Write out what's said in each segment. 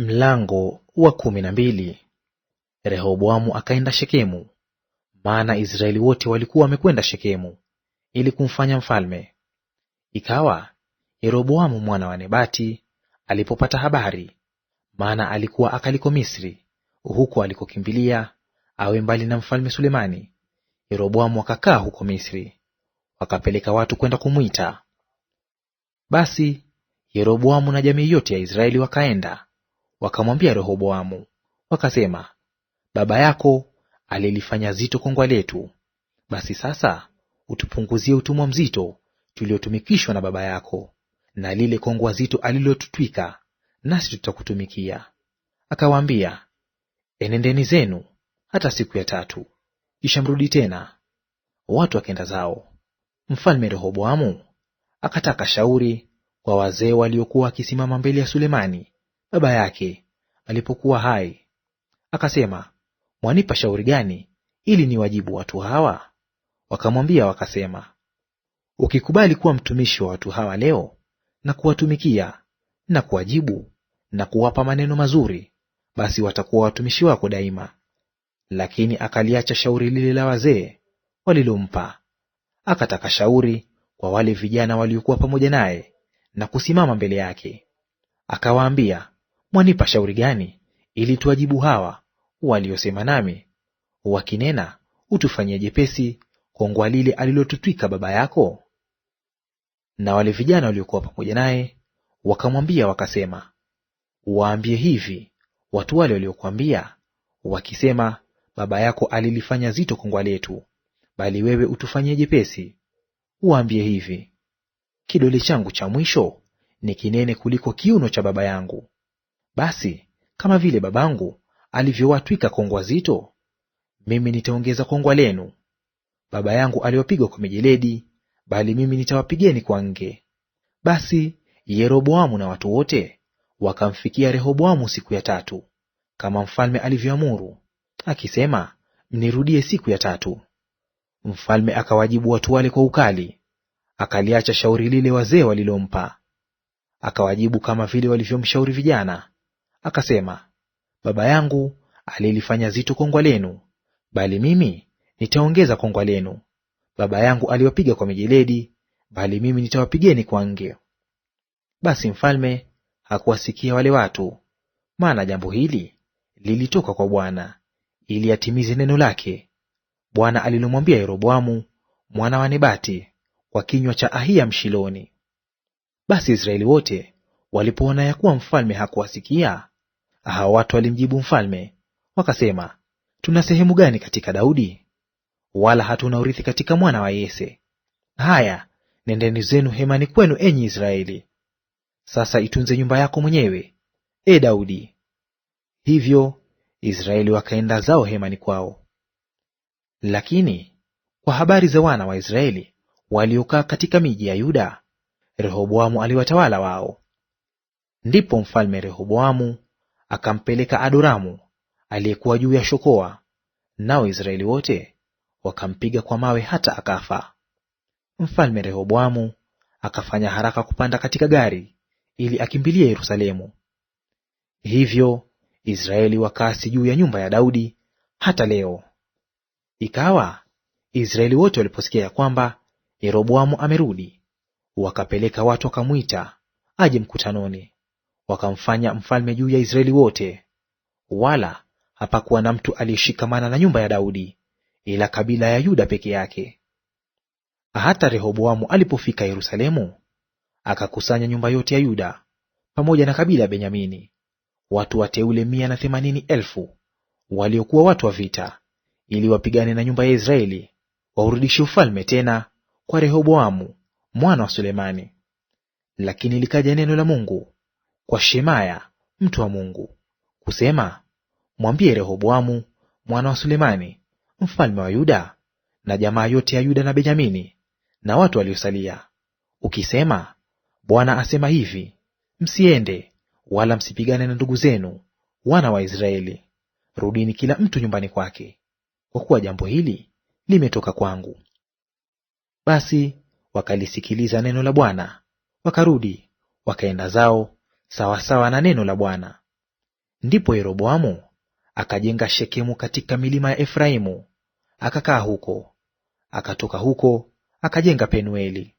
Mlango wa kumi na mbili. Rehoboamu akaenda Shekemu, maana Israeli wote walikuwa wamekwenda Shekemu ili kumfanya mfalme. Ikawa Yeroboamu mwana wa Nebati alipopata habari, maana alikuwa akaliko Misri, huko alikokimbilia awe mbali na mfalme Sulemani, Yeroboamu akakaa huko Misri, wakapeleka watu kwenda kumwita. Basi Yeroboamu na jamii yote ya Israeli wakaenda Wakamwambia Rehoboamu wakasema, baba yako alilifanya zito kongwa letu; basi sasa utupunguzie utumwa mzito tuliotumikishwa na baba yako, na lile kongwa zito alilotutwika, nasi tutakutumikia. Akawaambia, enendeni zenu hata siku ya tatu, kisha mrudi tena. Watu wakenda zao. Mfalme Rehoboamu akataka shauri kwa wazee waliokuwa wakisimama mbele ya Sulemani baba yake alipokuwa hai, akasema, mwanipa shauri gani ili niwajibu watu hawa? Wakamwambia wakasema, ukikubali kuwa mtumishi wa watu hawa leo na kuwatumikia na kuwajibu na kuwapa maneno mazuri, basi watakuwa watumishi wako daima. Lakini akaliacha shauri lile la wazee walilompa, akataka shauri kwa wale vijana waliokuwa pamoja naye na kusimama mbele yake. Akawaambia, Mwanipa shauri gani, ili tuwajibu hawa waliosema nami, wakinena, Utufanyie jepesi kongwa lile alilotutwika baba yako? Na wale vijana waliokuwa pamoja naye wakamwambia wakasema, Waambie hivi watu wale waliokuambia wakisema, Baba yako alilifanya zito kongwa letu, bali wewe utufanyie jepesi. Waambie hivi, kidole changu cha mwisho ni kinene kuliko kiuno cha baba yangu, basi kama vile babangu alivyowatwika kongwa zito, mimi nitaongeza kongwa lenu. Baba yangu aliwapigwa kwa mijeledi, bali mimi nitawapigeni kwa nge. Basi Yeroboamu na watu wote wakamfikia Rehoboamu siku ya tatu, kama mfalme alivyoamuru, akisema, mnirudie siku ya tatu. Mfalme akawajibu watu wale kwa ukali, akaliacha shauri lile wazee walilompa. Akawajibu kama vile walivyomshauri vijana, Akasema, baba yangu alilifanya zito kongwa lenu, bali mimi nitaongeza kongwa lenu. Baba yangu aliwapiga kwa mijeledi, bali mimi nitawapigeni kwa nge. Basi mfalme hakuwasikia wale watu, maana jambo hili lilitoka kwa Bwana ili atimize neno lake Bwana alilomwambia Yeroboamu mwana wa Nebati kwa kinywa cha ahia Mshiloni. Basi Israeli wote walipoona ya kuwa mfalme hakuwasikia, hao watu walimjibu mfalme wakasema, tuna sehemu gani katika Daudi? Wala hatuna urithi katika mwana wa Yese. Haya, nendeni zenu hemani kwenu, enyi Israeli. Sasa itunze nyumba yako mwenyewe, e Daudi. Hivyo Israeli wakaenda zao hemani kwao. Lakini kwa habari za wana wa Israeli waliokaa katika miji ya Yuda, Rehoboamu aliwatawala wao. Ndipo mfalme Rehoboamu akampeleka Adoramu aliyekuwa juu ya shokoa, nao Israeli wote wakampiga kwa mawe hata akafa. Mfalme Rehoboamu akafanya haraka kupanda katika gari ili akimbilie Yerusalemu. Hivyo Israeli wakaasi juu ya nyumba ya Daudi hata leo. Ikawa Israeli wote waliposikia ya kwamba Yeroboamu amerudi, wakapeleka watu wakamwita aje mkutanoni wakamfanya mfalme juu ya Israeli wote, wala hapakuwa na mtu aliyeshikamana na nyumba ya Daudi ila kabila ya Yuda peke yake. Hata Rehoboamu alipofika Yerusalemu, akakusanya nyumba yote ya Yuda pamoja na kabila ya Benyamini, watu wateule mia na themanini elfu waliokuwa watu wa vita, ili wapigane na nyumba ya Israeli waurudishe ufalme tena kwa Rehoboamu mwana wa Sulemani. Lakini likaja neno la Mungu kwa Shemaya mtu wa Mungu kusema, mwambie Rehoboamu mwana wa Sulemani mfalme wa Yuda na jamaa yote ya Yuda na Benyamini na watu waliosalia, ukisema, Bwana asema hivi, msiende wala msipigane na ndugu zenu wana wa Israeli. Rudini kila mtu nyumbani kwake, kwa kuwa jambo hili limetoka kwangu. Basi wakalisikiliza neno la Bwana, wakarudi wakaenda zao sawasawa na neno la Bwana. Ndipo Yeroboamu akajenga Shekemu katika milima ya Efraimu, akakaa huko. Akatoka huko akajenga Penueli.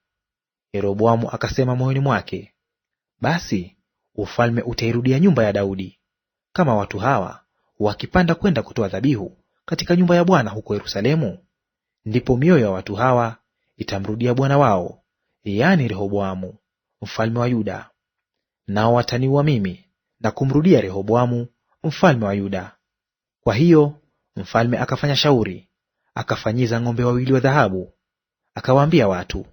Yeroboamu akasema moyoni mwake, basi ufalme utairudia nyumba ya Daudi, kama watu hawa wakipanda kwenda kutoa dhabihu katika nyumba ya Bwana huko Yerusalemu, ndipo mioyo ya watu hawa itamrudia bwana wao, yaani Rehoboamu mfalme wa Yuda, nao wataniua mimi na kumrudia Rehoboamu mfalme wa Yuda. Kwa hiyo mfalme akafanya shauri, akafanyiza ng'ombe wawili wa dhahabu, akawaambia watu,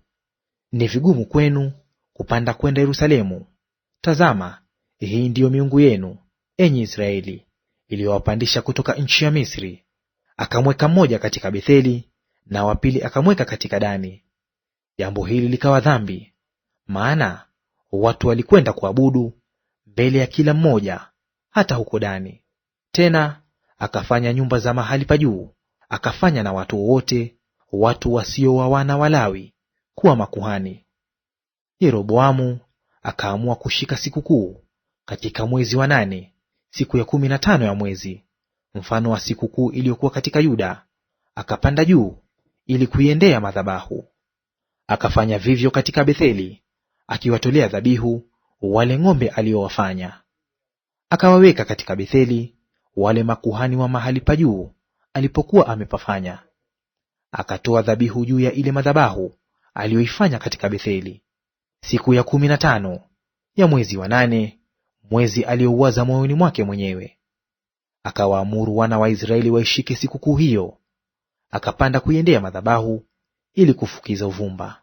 ni vigumu kwenu kupanda kwenda Yerusalemu. Tazama, hii ndiyo miungu yenu, enyi Israeli, iliyowapandisha kutoka nchi ya Misri. Akamweka mmoja katika Betheli na wa pili akamweka katika Dani. Jambo hili likawa dhambi, maana Watu walikwenda kuabudu mbele ya kila mmoja hata huko Dani. Tena akafanya nyumba za mahali pa juu, akafanya na watu wote watu wasio wa wana Walawi, kuwa makuhani. Yeroboamu akaamua kushika sikukuu katika mwezi wa nane, siku ya kumi na tano ya mwezi, mfano wa sikukuu iliyokuwa katika Yuda, akapanda juu ili kuiendea madhabahu. Akafanya vivyo katika Betheli akiwatolea dhabihu wale ng'ombe aliowafanya. Akawaweka katika Betheli wale makuhani wa mahali pa juu alipokuwa amepafanya. Akatoa dhabihu juu ya ile madhabahu aliyoifanya katika Betheli siku ya kumi na tano ya mwezi wa nane, mwezi aliyouwaza moyoni mwake mwenyewe. Akawaamuru wana wa Israeli waishike sikukuu hiyo, akapanda kuiendea madhabahu ili kufukiza uvumba.